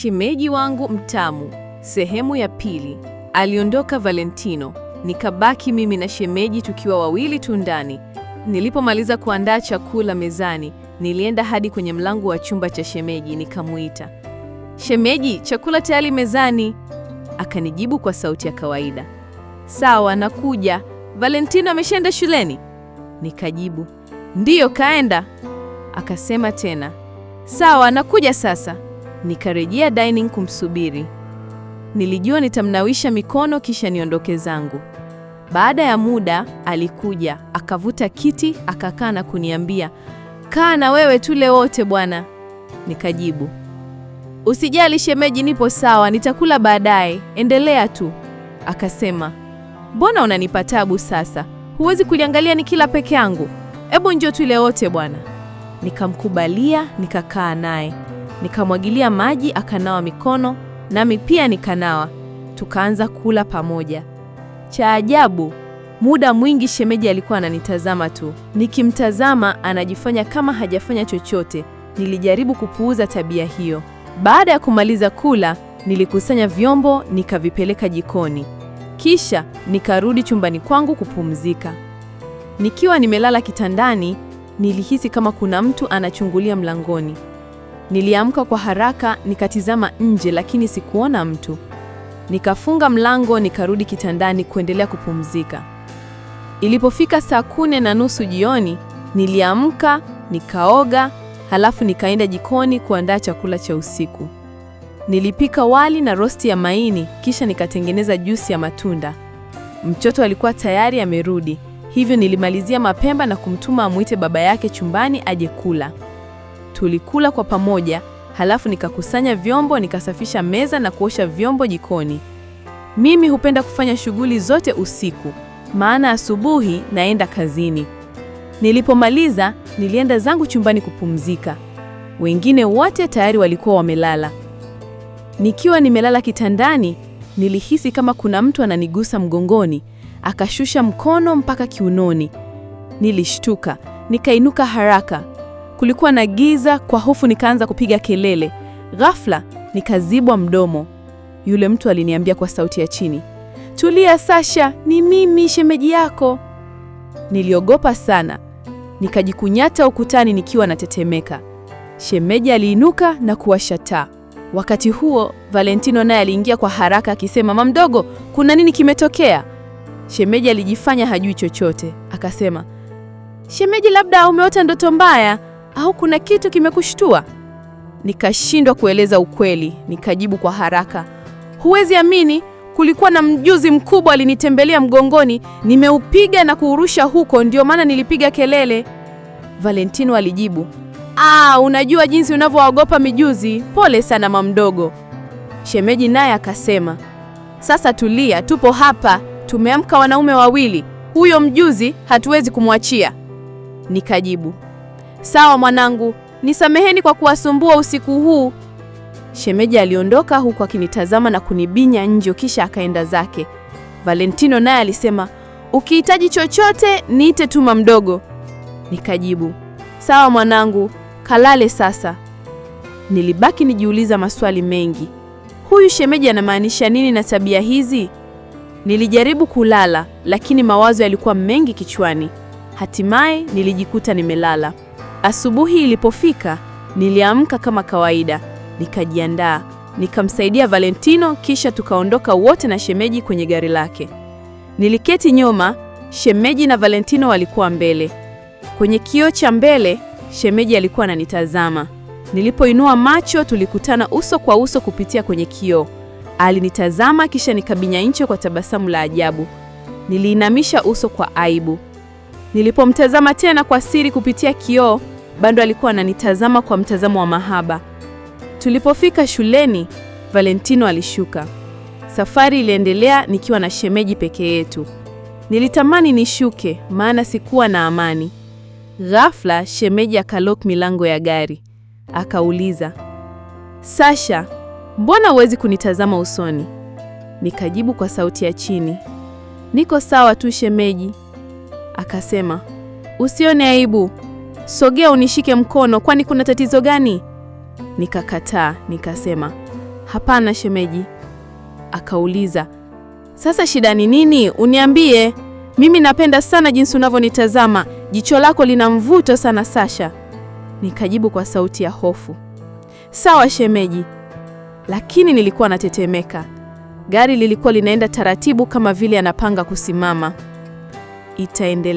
Shemeji wangu mtamu, sehemu ya pili. Aliondoka Valentino, nikabaki mimi na shemeji tukiwa wawili tu ndani. Nilipomaliza kuandaa chakula mezani, nilienda hadi kwenye mlango wa chumba cha shemeji nikamuita. Shemeji, chakula tayari mezani. Akanijibu kwa sauti ya kawaida. Sawa, nakuja. Valentino ameshaenda shuleni? Nikajibu, ndiyo kaenda. Akasema tena, sawa, nakuja sasa. Nikarejea dining kumsubiri. Nilijua nitamnawisha mikono kisha niondoke zangu. Baada ya muda alikuja, akavuta kiti, akakaa na kuniambia, kaa na wewe tule wote bwana. Nikajibu, usijali shemeji, nipo sawa, nitakula baadaye, endelea tu. Akasema, mbona unanipa tabu sasa? Huwezi kuliangalia ni kila peke yangu? Hebu njoo tule wote bwana. Nikamkubalia, nikakaa naye nikamwagilia maji akanawa mikono, nami pia nikanawa. Tukaanza kula pamoja. Cha ajabu, muda mwingi shemeji alikuwa ananitazama tu. Nikimtazama anajifanya kama hajafanya chochote. Nilijaribu kupuuza tabia hiyo. Baada ya kumaliza kula, nilikusanya vyombo nikavipeleka jikoni, kisha nikarudi chumbani kwangu kupumzika. Nikiwa nimelala kitandani, nilihisi kama kuna mtu anachungulia mlangoni. Niliamka kwa haraka, nikatizama nje, lakini sikuona mtu. Nikafunga mlango, nikarudi kitandani kuendelea kupumzika. Ilipofika saa kune na nusu jioni, niliamka, nikaoga, halafu nikaenda jikoni kuandaa chakula cha usiku. Nilipika wali na rosti ya maini, kisha nikatengeneza juisi ya matunda. Mchoto alikuwa tayari amerudi, hivyo nilimalizia mapema na kumtuma amwite baba yake chumbani aje kula. Tulikula kwa pamoja, halafu nikakusanya vyombo, nikasafisha meza na kuosha vyombo jikoni. Mimi hupenda kufanya shughuli zote usiku, maana asubuhi naenda kazini. Nilipomaliza nilienda zangu chumbani kupumzika. Wengine wote tayari walikuwa wamelala. Nikiwa nimelala kitandani, nilihisi kama kuna mtu ananigusa mgongoni, akashusha mkono mpaka kiunoni. Nilishtuka, nikainuka haraka. Kulikuwa na giza, kwa hofu nikaanza kupiga kelele. Ghafla nikazibwa mdomo. Yule mtu aliniambia kwa sauti ya chini, tulia Sasha, ni mimi shemeji yako. Niliogopa sana, nikajikunyata ukutani nikiwa natetemeka. Shemeji aliinuka na kuwasha taa. Wakati huo Valentino naye aliingia kwa haraka akisema, mamdogo, kuna nini kimetokea? Shemeji alijifanya hajui chochote, akasema, shemeji, labda umeota ndoto mbaya au kuna kitu kimekushtua? Nikashindwa kueleza ukweli, nikajibu kwa haraka, huwezi amini, kulikuwa na mjuzi mkubwa alinitembelea mgongoni, nimeupiga na kuurusha huko, ndio maana nilipiga kelele. Valentino alijibu, ah, unajua jinsi unavyoogopa mijuzi pole sana mamdogo. Shemeji naye akasema, sasa tulia, tupo hapa, tumeamka wanaume wawili, huyo mjuzi hatuwezi kumwachia. Nikajibu, Sawa mwanangu, nisameheni kwa kuwasumbua usiku huu. Shemeji aliondoka huku akinitazama na kunibinya njo, kisha akaenda zake. Valentino naye alisema, ukihitaji chochote niite tuma mdogo. Nikajibu, sawa mwanangu, kalale sasa. Nilibaki nijiuliza maswali mengi. Huyu shemeji anamaanisha nini na tabia hizi? Nilijaribu kulala lakini mawazo yalikuwa mengi kichwani. Hatimaye nilijikuta nimelala. Asubuhi ilipofika, niliamka kama kawaida, nikajiandaa, nikamsaidia Valentino, kisha tukaondoka wote na shemeji kwenye gari lake. Niliketi nyuma, shemeji na Valentino walikuwa mbele. Kwenye kioo cha mbele, shemeji alikuwa ananitazama. Nilipoinua macho, tulikutana uso kwa uso kupitia kwenye kioo. Alinitazama kisha nikabinya ncho kwa tabasamu la ajabu. Niliinamisha uso kwa aibu. Nilipomtazama tena kwa siri kupitia kioo, bado alikuwa ananitazama kwa mtazamo wa mahaba. Tulipofika shuleni, Valentino alishuka. Safari iliendelea nikiwa na shemeji peke yetu. Nilitamani nishuke, maana sikuwa na amani. Ghafla shemeji akalok milango ya gari, akauliza, Sasha, mbona huwezi kunitazama usoni? Nikajibu kwa sauti ya chini, niko sawa tu shemeji. Akasema, usione aibu, sogea unishike mkono, kwani kuna tatizo gani? Nikakataa, nikasema hapana shemeji. Akauliza, sasa shida ni nini? Uniambie. Mimi napenda sana jinsi unavyonitazama, jicho lako lina mvuto sana Sasha. Nikajibu kwa sauti ya hofu, sawa shemeji. Lakini nilikuwa natetemeka. Gari lilikuwa linaenda taratibu, kama vile anapanga kusimama. Itaendelea.